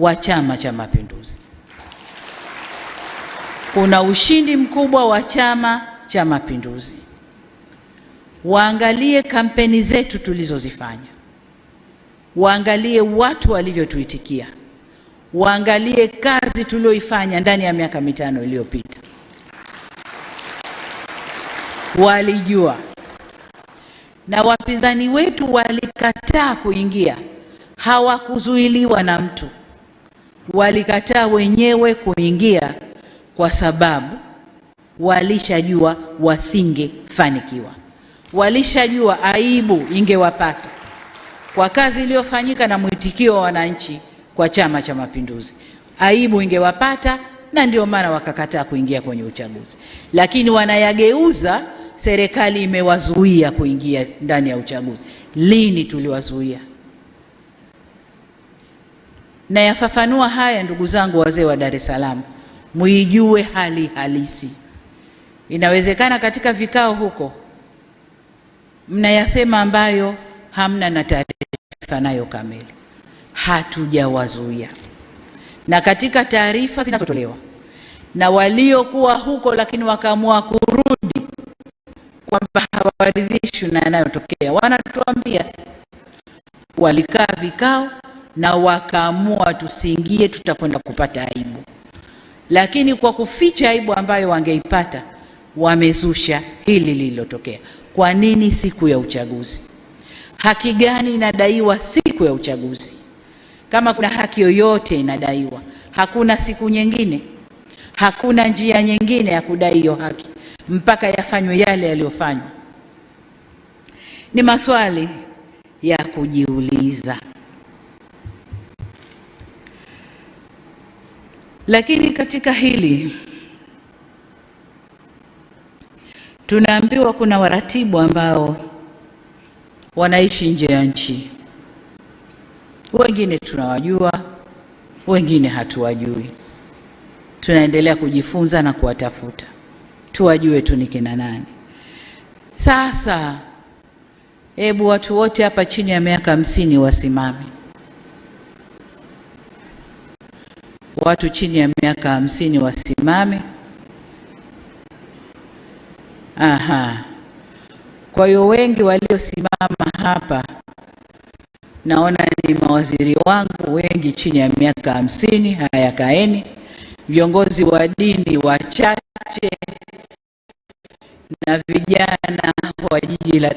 wa Chama cha Mapinduzi. Kuna ushindi mkubwa wa Chama cha Mapinduzi. Waangalie kampeni zetu tulizozifanya, waangalie watu walivyotuitikia, waangalie kazi tulioifanya ndani ya miaka mitano iliyopita. Walijua na wapinzani wetu walikataa kuingia, hawakuzuiliwa na mtu walikataa wenyewe kuingia kwa sababu walishajua wasingefanikiwa, walishajua aibu ingewapata kwa kazi iliyofanyika na mwitikio wa wananchi kwa Chama cha Mapinduzi, aibu ingewapata na ndio maana wakakataa kuingia kwenye uchaguzi, lakini wanayageuza. Serikali imewazuia kuingia ndani ya uchaguzi. Lini tuliwazuia? Nayafafanua haya ndugu zangu wazee wa Dar es Salaam, muijue hali halisi. Inawezekana katika vikao huko mnayasema ambayo hamna na taarifa nayo kamili. Hatujawazuia, na katika taarifa zinazotolewa na waliokuwa huko lakini wakaamua kurudi kwamba hawaridhishwi na yanayotokea, wanatuambia walikaa vikao na wakaamua tusiingie, tutakwenda kupata aibu. Lakini kwa kuficha aibu ambayo wangeipata, wamezusha hili lililotokea. Kwa nini siku ya uchaguzi? Haki gani inadaiwa siku ya uchaguzi? Kama kuna haki yoyote inadaiwa, hakuna siku nyingine, hakuna njia nyingine ya kudai hiyo haki mpaka yafanywe yale yaliyofanywa. Ni maswali ya kujiuliza. Lakini katika hili tunaambiwa kuna waratibu ambao wanaishi nje ya nchi, wengine tunawajua, wengine hatuwajui. Tunaendelea kujifunza na kuwatafuta tuwajue tu ni kina nani. Sasa hebu watu wote hapa chini ya miaka hamsini wasimame watu chini ya miaka hamsini wasimame. Aha. Kwa hiyo wengi waliosimama hapa naona ni mawaziri wangu, wengi chini ya miaka hamsini. Haya, kaeni. Viongozi wa dini wachache na vijana wa jiji la